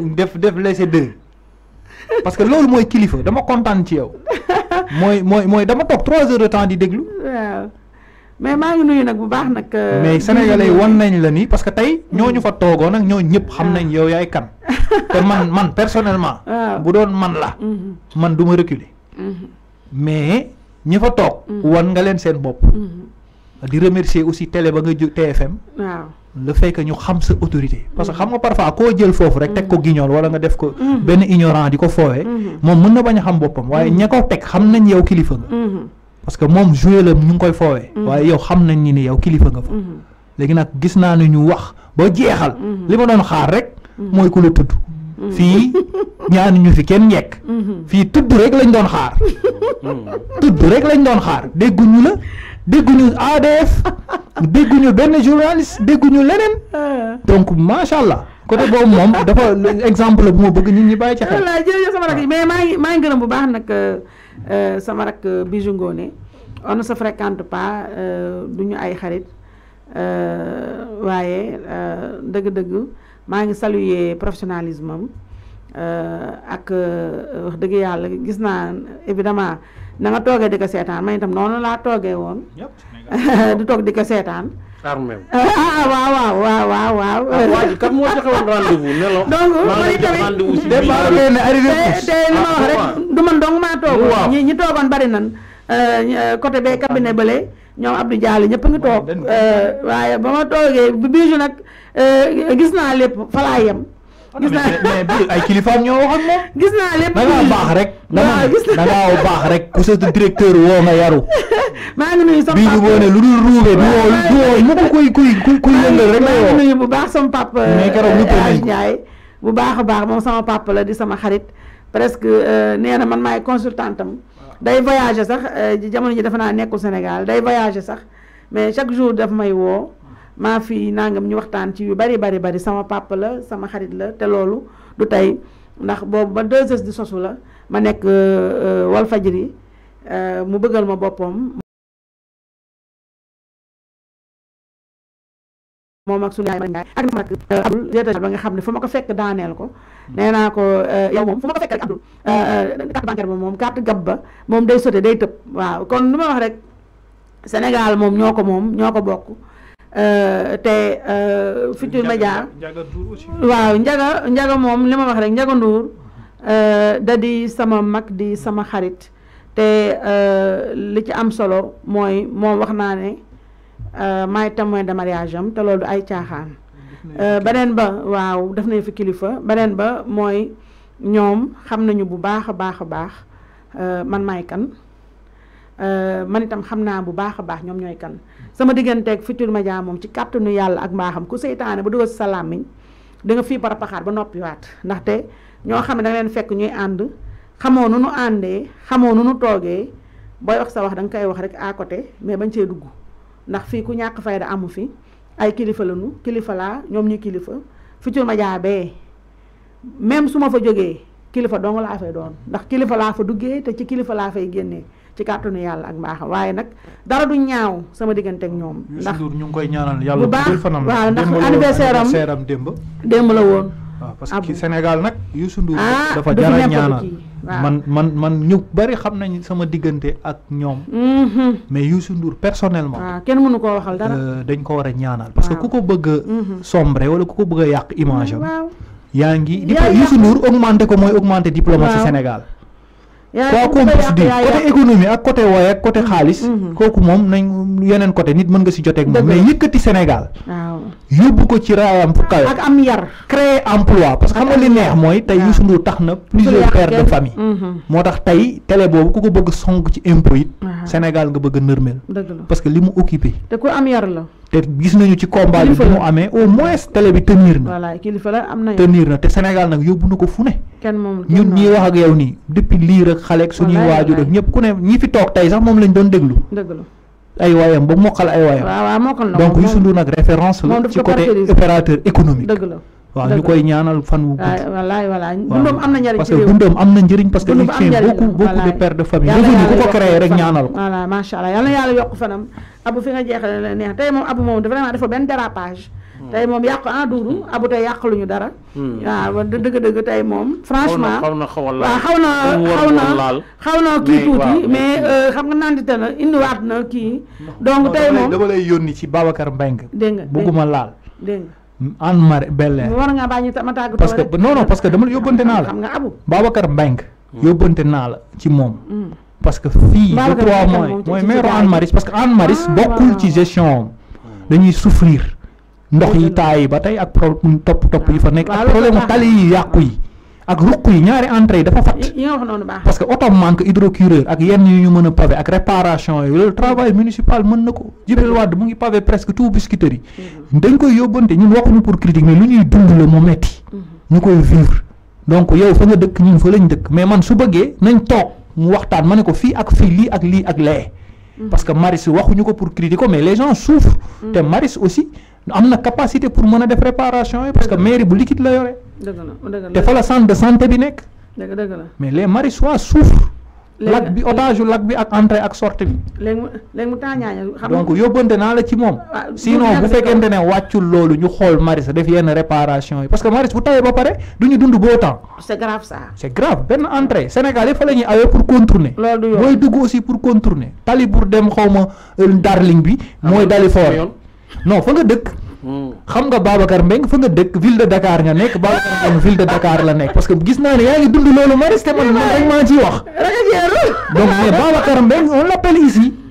def def laisser deux parce que lolu moy kilifa dama kontaan ci yow moy moy moy dama trois heures de temps di mais ma ngi nuyu pas bu euh, mais sénégalais won nañ la parce que nous ñoñu fa togo nak ñoo ñep xam ah. nañ yow kan. man personnellement. bu doon man la. Mhm. man reculé mhm. mais ñi fa tok mhm. won nga di remercier aussi télé ba nga ju TFM. waaw le fait ñu xam sa autorité. parce que xam nga parfois koo jël foofu rek. teg ko mm-hmm. guignol wala nga def ko. Mm-hmm. benn ignorant di ko foowee. Mm-hmm. moom mën na bañ a xam boppam waaye ña ko teg xam nañ yow kilifa nga. parce que moom joué la ñu ngi koy foowee. waaye yow xam nañ ni yow kilifa nga fa. léegi nag gis naa ne ñu wax ba jeexal. li ma doon xaar rek. mooy ku la tudd. fii ñaan ñu fi kenn yekk fii tudd rek lañ doon xaar. tudd lañ doon xaar dégguñu la. dégguñu ADF dégguñu benn journaliste dégguñu leneen ah. donc macha allah côté boobu moom dafa exemple bu ma bëgg nit ñi bàyyi ci xel. mais maa ngi maa ngi gërëm bu baax nag euh, euh, sama rakk Bijou ngoone on ne se pas euh, du ñu ay xarit waaye dëgg-dëgg maa ngi saluer professionnalisme Euh, ak euh, wax dëgg yàlla gis naa évidemment na nga toogee di ko seetaan man itam noonu laa toogee woon di toog di ko seetaan armé ah waaw waaw waaw waaw waaw. Ah, waa ji tamit ah, te li ma wax ah, rek du man dong maa toogoon. ñi ñi toogoon bari nan euh, côté bee cabinet bële ñoom Abdou Diallo ñépp ngi toog. waaye ba ma toogee bi biisu nag gis naa lépp fa laa yem. gis ah, naa mais mais ay kilifaam ñoo waxoon moom. gis naa lépp da baax rek. waaw baax rek ku sa directeur woo nga yaru. maa ngi nuyu sama papa bii ñu boone lu dul ruube du woo du woo mu kuy kuy kuy kuy yëngal rek. maa ngi nuyu bu baax sama papa. mais euh, keroog ñu bu baax a baax moom sama papa la di sama xarit presque euh, nee na man maay consultante am. Ah. day voyager sax euh, jamono ji dafa naa nekkul Sénégal day voyager sax mais chaque jour dafa may woo. ma fi nangam ñu waxtaan ci yu bari bari bari sama papa la sama xarit la te loolu du tey ndax boobu ba deux heures di sosu la ma nekk euh, wal fajiri euh, mu bëggal ma boppam moom ak sulay yaay ak nak euh, abdul jeta ba nga xamne fuma ko fekk daanel ko neena ko yow mom fuma ko fekk abdul carte bancaire ba mom carte gabba mom day soté day tepp waaw kon numa wax rek senegal mom ñoko mom ñoko bokku Euh, te euh, Futurs Médias waaw njaga njaga moom li ma wax rek njaga nduur mhm. euh, da di sama mag di sama xarit te li ci am solo mooy moom wax naa ne maay témoin de mariage am te loolu ay caaxaan beneen ba waaw def na fi kilifa beneen ba mooy ñoom xam nañu bu baax a baax a baax man maay kan Euh, man itam xam naa bu baax a baax ñoom ñooy kan sama diggante digganteeg Futurs Médias moom ci kàttanu yàlla ak mbaaxam ku seytaane ba dugal sa làmmiñ da fii para paxaar ba noppiwaat ndaxte ñoo xam ne da leen fekk ñuy ànd xamoo nu nu àndee xamoo nu nu toogee booy wax sa wax danga koy wax rek à côté mais bañ cee dugg ndax fii ku ñàkk fayda amu fi ay kilifa lañu kilifa laa ñoom ñu kilifa Futurs Médias bee même su ma fa jógee kilifa dong laa fay doon ndax kilifa laa fa duggee te ci kilifa laa fay génnee ci kàttanu yalla ak mbaaxam waye nak dara du ñaaw sama digënté ak ñoom ndax ñu ngi koy ñaanal yalla bu baax fanam waaw ndax anniversaire am demb demb la woon ah, parce que Sénégal nak Youssou Ndour ah, dafa jara ñaanal man man man ñu bari xam nañ sama digënté ak ñoom mm-hmm. mais Youssou Ndour personnellement waaw ah, kenn mënu ko waxal dara euh, dañ ko wara ñaanal parce que kuko ko bëgg mm-hmm. sombre wala ku ko bëgg yaq image yaangi mm-hmm, yaa ngi Youssou Ndour augmenté ko mooy augmenté diplomatie Sénégal yaa compis di côté économie ak côté wooy ak côté xaalis mm-hmm. Mm-hmm. kooku moom nañ yeneen côté nit mën nga si joteeg moom mais yëkkati Sénégal yóbbu ko ci raayam pour kawe ak am yar créer emploi parce que xam nga neex mooy tey Youssou Ndour tax na plusieurs pères de famille mm-hmm. moo tax tey télé boobu ku ko bëgg song ci impôt it Sénégal nga bëgg a parce que li mu occupé te ku am yar la te gis nañu ci combat bi mu amee au moins télé bi tenir na. voilà am na tenir te Sénégal nag yóbbu nu ko fu ne. kenn moom ñun ñii wax ak yow nii depuis lii rek xale ak suñuy waajur ak ñëpp ku ne ñi fi toog tey sax moom lañ doon déglu. dëgg la ay waayam ba mokkal ay waayam. donc Youssou Ndour nag référence la. ci côté opérateur économique. dëgg la. waaw ñu koy ñaanal fan wu gudd wallahi wallahi dundam amna njariñ parce que dundam amna njariñ parce que il tient beaucoup beaucoup de pères de famille revenu ku ko créer rek ñaanal ko voilà ma sha Allah yalla yalla yok fanam abu fi nga jéxal la neex tay mom abu mom vraiment dafa ben dérapage hmm. tay mom yaq ah, en dudu abu tay yaq luñu dara hmm. waaw deug deug tay mom franchement xawna xawna xawna xawna xawna ki tuti mais euh, xam nga nandita na indi wat na ki donc tay mom dama lay yoni ci babacar mbeng bëgguma laal deng ma parce que non non parce que dama yóbbante naa la. xam nga hmm. yóbbante naa la ci moom. Hmm. parce que fii. je crois mooy mooy meeru Hann Marais parce que Hann Marais ah, bokkul ci gestion am dañuy souffrir ndox yi taay yi ba tey ak pro topp topp yi fa nekk. ak problème mu tali yi yàqu yi. ak ruq yi ñaari entrée yi dafa fatt parce que oto manque hydrocureur ak yenn yu ñu mën a pavé ak réparation yi loolu travail municipal mën na ko Djibril mm-hmm. Wade mu ngi pavé presque tout biscuiterie mm-hmm. dañ koy yóbbante ñun waxuñu pour critique mais lu ñuy dund la mu metti mm-hmm. ñu koy vivre donc yow fa nga dëkk ñun fa lañ dëkk mais man su bëggee nañ toog mu waxtaan ma ne ko fii ak fii lii ak lii ak lee parce que Maris waxuñu ko pour critiquer ko mais les gens souffrent te Maris aussi am na capacité pour mën a def réparation yi parce que mairie bu liquide la yore te fa la centre de santé bi nekk. mais les marissois souffrent. lac bi otage yu lac bi ak entrée ak sorte bi. donc yóbbante naa la ci moom. Ah, sinon bu fekkente ne wàccul loolu ñu xool maris def yenn réparation yi parce que maris bu tawee ba pare du ñu dund beau temps. c'est grave ça. c'est grave benn entrée Sénégal yi fa la ñuy pour contourner. booy dugg aussi pour contourner. tali pour dem xaw ma euh, darling bi. Ah, mooy dali foor non fa nga dëkk. xam nga Babacar Mbengue fa nga dëkk ville de Dakar nga nekk Babacar Mbengue ville de Dakar la nekk parce que gis naa ni yaa ngi dund loolu maris te man man rek maa ciy wax donc mais Babacar Mbengue on l'appelle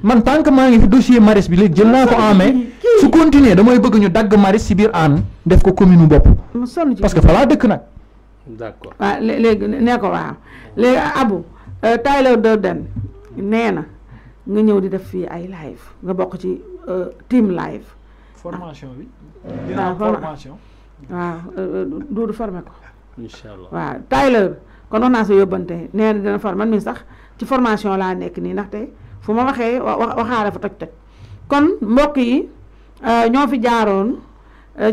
man tant que maa ngi fi dossier maris bi léegi jël naa ko en su continuer damay bëgg ñu dagg maris si biir Hann def ko commune bopp parce que fa laa dëkk nag d'accord waaw léegi nee ko waaw léegi Abou euh, Tyler Durden nee na nga ñëw di def fii ay live nga bokk ci euh, team live formation bi. dina formation. waaw euh, euh, Doudou formé ko. incha allah waaw Tyler kon wax naa sa yóbbante nee na dina formé man mii sax ci formation laa nekk nii ndaxte fu ma waxee waxaale fa toj-toj kon mbokk yi euh, ñoo fi jaaroon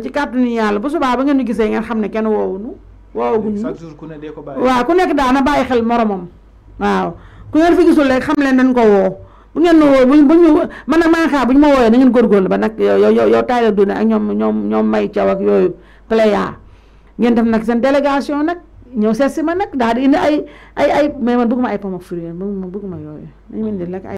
ci kàttanu yàlla bu subaa a ngeen ñu gisee ngeen xam ne kenn woowuñu woowaguñu waaw ku nekk daana bàyyi xel moromam waaw ku ngeen fi gisul rek xam leen dañ ko woo. bu ngeen woo bu buñu man nag maa xaar bu ñu ma wooyee na ngeen góorgóorlu ba nag yow yow yow taay la dund ak ñoom ñoom ñoom may caw ak yooyu playa ngeen def nag seen délégation nag ñëw seet si ma nag daal di indi ay ay ay mais man bëgguma ay pom ak fruits bëgguma bëgguma yooyu nañu indi lekk ay